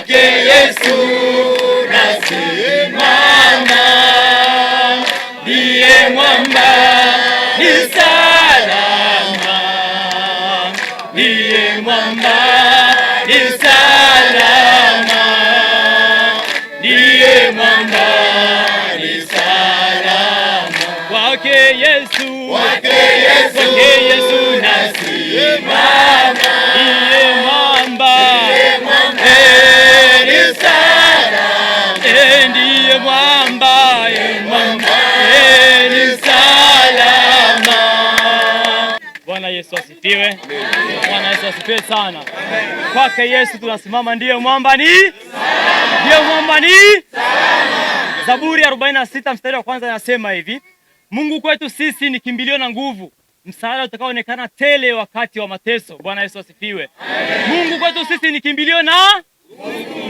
kwake Yesu nasimama, ndiye mwamba Yesu asifiwe. Bwana Yesu asifiwe sana. Kwake Yesu tunasimama, ndiye mwamba ni ndiye mwamba ni salama. Zaburi 46 mstari wa kwanza anasema hivi: Mungu kwetu sisi ni kimbilio na nguvu, msaada utakaoonekana tele wakati wa mateso. Bwana Yesu asifiwe. Mungu kwetu sisi ni kimbilio na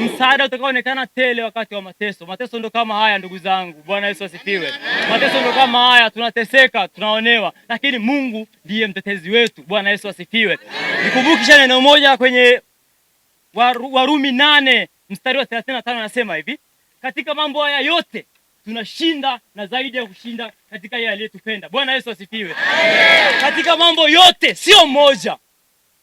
msaada utakaoonekana tele wakati wa mateso. Mateso ndo kama haya, ndugu zangu. Bwana Yesu asifiwe. Mateso ndo kama haya, tunateseka, tunaonewa, lakini Mungu ndiye mtetezi wetu. Bwana Yesu asifiwe. Nikumbukisha neno moja kwenye Warumi nane mstari wa thelathini na tano anasema hivi, katika mambo haya yote tunashinda na zaidi ya kushinda katika yeye aliyetupenda. Bwana Yesu asifiwe. Katika mambo yote, sio moja,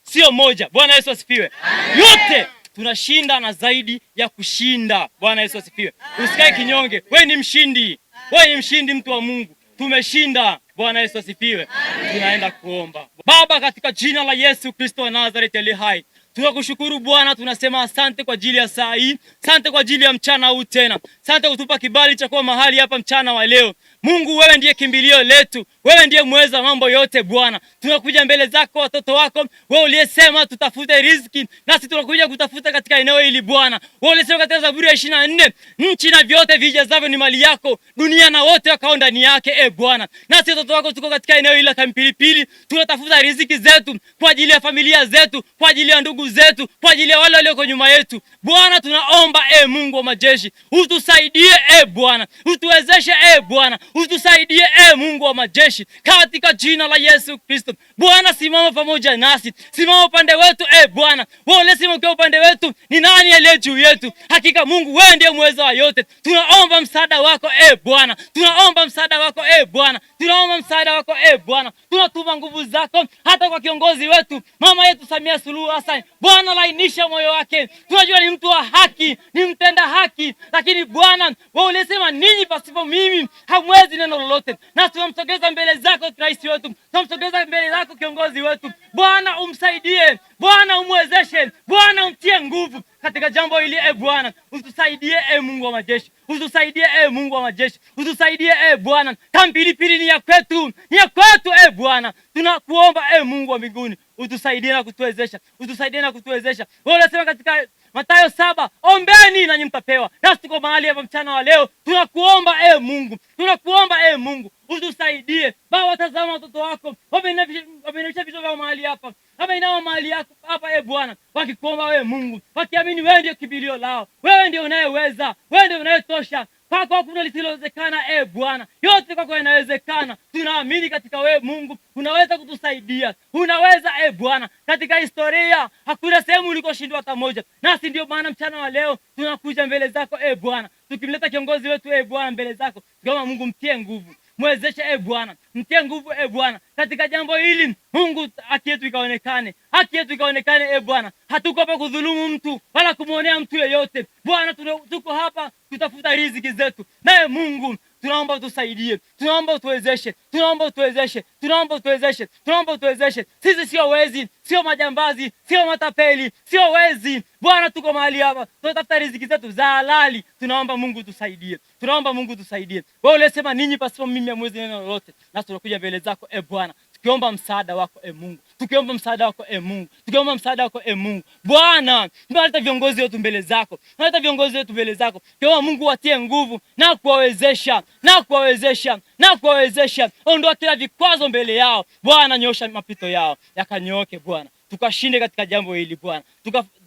sio moja. Bwana Yesu asifiwe. Yote tunashinda na zaidi ya kushinda. Bwana Yesu asifiwe. Usikae kinyonge, we ni mshindi, we ni mshindi, mtu wa Mungu. Tumeshinda. Bwana Yesu asifiwe. Tunaenda kuomba. Baba, katika jina la Yesu Kristo wa Nazareti ali hai Tunakushukuru Bwana, tunasema asante kwa ajili ya saa hii, asante kwa ajili ya mchana huu tena, asante kutupa kibali cha kuwa mahali hapa mchana wa leo. Mungu, wewe ndiye kimbilio letu, wewe ndiye mweza mambo yote. Bwana, tunakuja mbele zako, watoto wako, wewe uliyesema tutafute riziki, nasi tunakuja kutafuta katika eneo hili Bwana. Wewe uliyesema katika Zaburi ya ishirini na nne nchi na vyote vijazavyo ni mali yako, dunia na wote wakao ndani yake. E Bwana, nasi watoto wako tuko katika eneo hili la Kampilipili, tunatafuta riziki zetu kwa ajili ya familia zetu, kwa ajili ya ndugu ndugu zetu, kwa ajili ya wale walioko nyuma yetu. Bwana, tunaomba e Mungu wa majeshi, utusaidie e Bwana, utuwezeshe e Bwana, utusaidie e Mungu wa majeshi, katika jina la Yesu Kristo. Bwana, simama pamoja nasi, simama upande wetu e Bwana, wewe uliyesimama upande wetu, ni nani aliye juu yetu? Hakika Mungu, wewe ndiye muweza wa yote. Tunaomba msaada wako e Bwana, tunaomba msaada wako e Bwana, tunaomba msaada wako e Bwana, tunatuma nguvu zako hata kwa kiongozi wetu mama yetu Samia Suluhu Hassan Bwana lainisha moyo wake. Tunajua ni mtu wa haki, ni mtenda haki, lakini Bwana wewe ulisema ninyi pasipo mimi hamwezi neno lolote, na tunamsogeza mbele zako rahis wetu, tunamsogeza mbele zako kiongozi wetu. Bwana umsaidie, Bwana umwezeshe, Bwana umtie nguvu katika jambo hili e Bwana, utusaidie e Mungu wa majeshi, utusaidie e Mungu wa majeshi, utusaidie e Bwana. Kambi Pilipili ni ya kwetu, ni ya kwetu e Bwana, tunakuomba e Mungu wa mbinguni utusaidie na kutuwezesha, utusaidie na kutuwezesha. Wewe unasema katika Mathayo saba, ombeni nanyi mtapewa. Nasi tuko mahali hapa mchana wa leo, tunakuomba e Mungu, tunakuomba e Mungu utusaidie Baba. watazama watoto wako wameinamisha vichwa vyao mahali hapa, wameinama mahali hapa, e Bwana, wakikuomba wewe Mungu, wakiamini wewe ndio kibilio lao, wewe ndio unayeweza, wewe ndio unayetosha kwako hakuna lisilowezekana. E Bwana, yote kwako yanawezekana. Tunaamini katika wewe Mungu, unaweza kutusaidia, unaweza e Bwana. Katika historia hakuna sehemu ulikoshindwa hata moja, nasi ndio maana mchana wa leo tunakuja mbele zako e Bwana, tukimleta kiongozi wetu e Bwana mbele zako, tukiomba Mungu mtie nguvu mwezesha e Bwana, mtie nguvu e Bwana katika jambo hili Mungu, haki yetu ikaonekane, haki yetu ikaonekane e Bwana. Hatuko hapa kudhulumu mtu wala kumwonea mtu yeyote Bwana, tuko hapa kutafuta riziki zetu, naye Mungu tunaomba utusaidie, tunaomba utuwezeshe, tunaomba utuwezeshe, tunaomba utuwezeshe, tunaomba utuwezeshe. Sisi sio wezi, sio majambazi, sio matapeli, sio wezi. Bwana, tuko mahali hapa, tunatafuta riziki zetu za halali. Tunaomba Mungu tusaidie, tunaomba Mungu tusaidie. Wewe ulisema ninyi pasipo mimi hamwezi neno lolote, nasi tunakuja mbele zako, e Bwana tukiomba msaada wako e Mungu, tukiomba msaada wako e Mungu, tukiomba msaada wako e Mungu. Bwana, tunaleta viongozi wetu mbele zako, tunaleta viongozi wetu mbele zako, tukiomba Mungu watie nguvu na kuwawezesha na kuwawezesha na kuwawezesha, ondoa kila vikwazo mbele yao Bwana, nyosha mapito yao yakanyooke Bwana tukashinde katika jambo hili Bwana,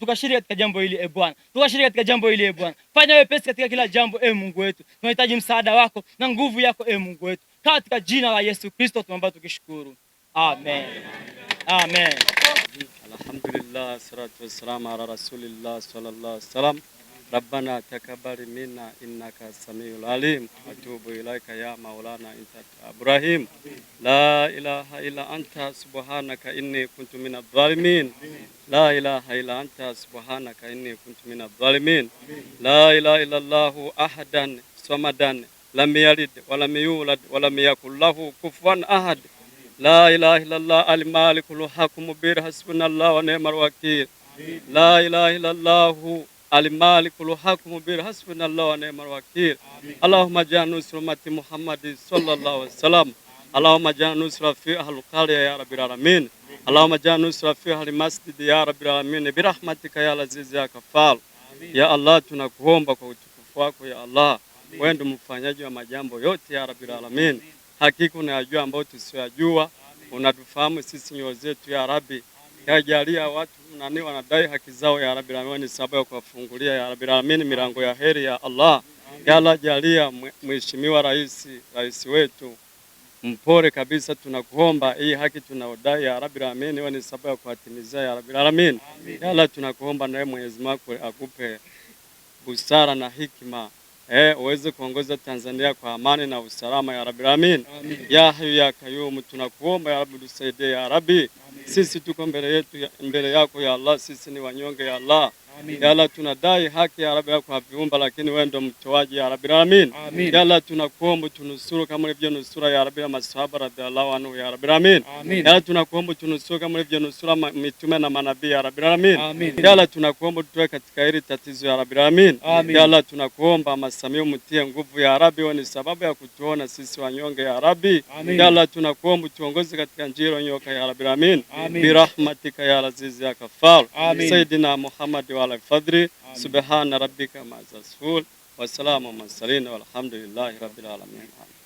tukashinde katika jambo hili e Bwana, tukashinde katika jambo hili e Bwana. Fanya wepesi katika kila jambo e Mungu wetu, tunahitaji msaada wako na nguvu yako e Mungu wetu, katika jina la Yesu Kristo tunaomba tukishukuru. Amen. Amen. Alhamdulillah, salatu wassalamu ala rasulillah sallallahu alaihi wasallam. Rabbana takabali minna innaka samiul alim atubu ilaika ya maulana anta Ibrahim la ilaha illa anta subhanaka inni kuntu minadh dhalimin la ilaha illa anta subhanaka inni kuntu minadh dhalimin la ilaha illa Allahu ahadan samadan lam yalid wa lam yulad wa lam yakul lahu kufuwan ahad la ilaha illallah almalikul haqqul mubin hasbunallahu wa ni'mal wakeel. La ilaha illallah almalikul haqqul mubin hasbunallahu wa ni'mal wakeel. Allahumma ja'al nusra ummati Muhammadin sallallahu alaihi wasallam. Allahumma ja'al nusra fi ahli qalbi ya rabbil alamin. Allahumma ja'al nusra fi ahli masjid ya rabbil alamin bi rahmatika ya aziz ya kafal. Ya Allah tunakuomba kwa utukufu wako ya Allah. Wewe ndio mfanyaji wa majambo yote ya rabbil alamin. Hakika unayajua ambayo tusiyajua, unatufahamu sisi nyoyo zetu, ya Rabbi. Yajalia watu nani wanadai haki zao, ya Rabbi Amin, sababu ya kuwafungulia ya Rabbi Amin milango ya heri ya Allah. Yala jalia mheshimiwa rais, rais wetu mpore kabisa, tunakuomba hii haki tunaodai ya Rabbil Alamin, wewe ni sababu ya kuatimizia ya Rabbil Alamin. Yala tunakuomba naye Mwenyezi Mungu akupe busara na hikima eh, uweze kuongoza Tanzania kwa amani na usalama ya Rabbil Alamin. Ya Hayyu ya Kayum, tunakuomba ya Rabbi, tusaidie ya Rabbi, sisi tuko mbele yetu mbele yako ya Allah, sisi ni wanyonge ya Allah yala tunadai haki ya Rabbi kwa viumba, lakini wewe ndio mtoaji ya Rabbi Amin. Yala tunakuomba tunusuru kama ilivyo nusura ya Rabbi na masahaba radhiallahu anhu ya Rabbi Amin. Yala tunakuomba tunusuru kama ilivyo nusura mitume na manabii ya Rabbi Amin. Yala tunakuomba tutoe katika hili tatizo ya Rabbi Amin. Yala tunakuomba masamio mtie nguvu ya Rabbi, wewe ni sababu ya kutuona sisi wanyonge ya Rabbi. yala tunakuomba tuongoze katika njia nyoka ya Rabbi Amin. Birahmatika ya aziz ya kafar. Sayyidina Muhammad على قدري سبحان ربك مع السفول والسلام على المرسلين والحمد لله رب العالمين